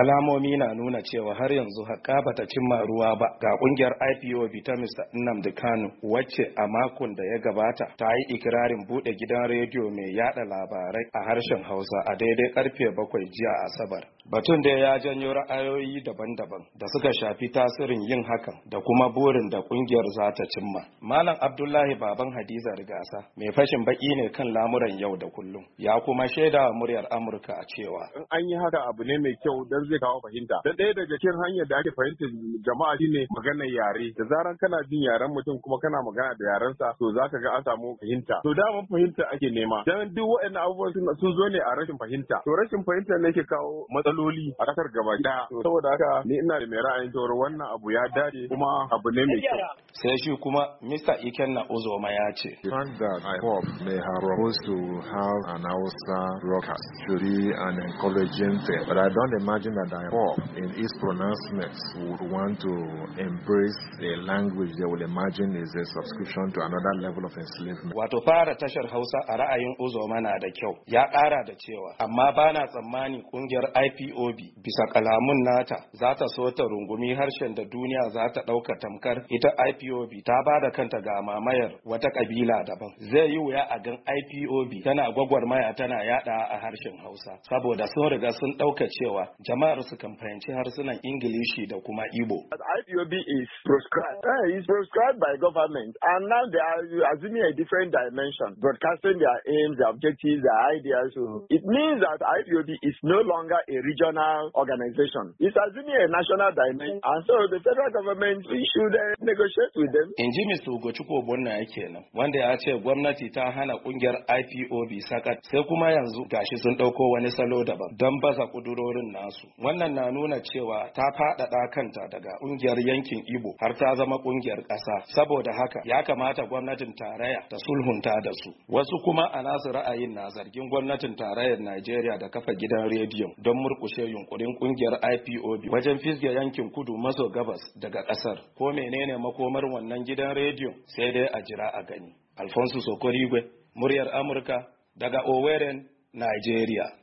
alamomi na nuna cewa har yanzu haƙa ba ta cimma ruwa ba ga ƙungiyar ipo ta mr nnamdi Kano. wacce a makon da ya gabata ta yi ikirarin buɗe gidan rediyo mai yada labarai a harshen hausa a daidai karfe bakwai jiya asabar batun da ya janyo ra'ayoyi daban-daban da suka shafi tasirin yin hakan da kuma burin da ƙungiyar za ta cimma malam abdullahi baban hadiza rigasa mai fashin baki ne kan lamuran yau da kullum ya kuma shaida muryar amurka a cewa in an yi haka abu ne mai kyau don zai kawo fahimta da ɗaya daga cikin hanyar da ake fahimtar jama'a shine maganar yare da zaran kana jin yaren mutum kuma kana magana da yarensa to zaka ga an samu fahimta to daman fahimta ake nema dan duk waɗannan abubuwan sun zo ne a rashin fahimta to rashin fahimta ne ke kawo matsaloli a ƙasar gaba ɗaya saboda haka ni ina da mai ra'ayin cewa wannan abu ya dace kuma abu ne mai kyau sai shi kuma Mr. Ikenna Uzoma ya ce that pop may have to have an be an encouraging thing but I don't imagine that are in its pronouncements would want to embrace a language they will imagine is a subscription to another level of enslavement. Wato fara tashar Hausa a ra'ayin Uzoma na da kyau. Ya ƙara da cewa amma bana tsammani ƙungiyar IPOB bisa kalamun nata za ta so ta rungumi harshen da duniya za ta ɗauka tamkar ita IPOB ta ba da kanta ga mamayar wata kabila daban. Zai yi wuya a gan IPOB tana gwagwarmaya tana yada a harshen Hausa saboda sun riga sun ɗauka cewa jama'ar su kan fahimci harsunan Ingilishi da kuma Igbo. IPOB is proscribed. Uh, is proscribed by government and now they are assuming a different dimension, broadcasting their aims, their objectives, their ideas. So mm. it means that IPOB is no longer a regional organization. It's assuming a national dimension. And so the federal government should uh, negotiate with them. In ji Mr. Ugochukwu Obonna kenan wanda ya ce gwamnati ta hana kungiyar IPOB sakat sai kuma yanzu gashi sun ɗauko wani salo daban don baza kudurorin nasu. wannan na nuna cewa ta faɗaɗa kanta daga ƙungiyar yankin Igbo har ta zama ƙungiyar ƙasa saboda haka ya kamata gwamnatin tarayya ta sulhunta da su wasu kuma a nasu ra'ayin na zargin gwamnatin tarayyar Najeriya da kafa gidan rediyo don murƙushe yunkurin ƙungiyar IPOB wajen fisge yankin kudu maso gabas daga ƙasar ko menene makomar wannan gidan rediyo sai dai a jira a gani Alfonso Sokorigwe muryar Amurka daga Oweren Nigeria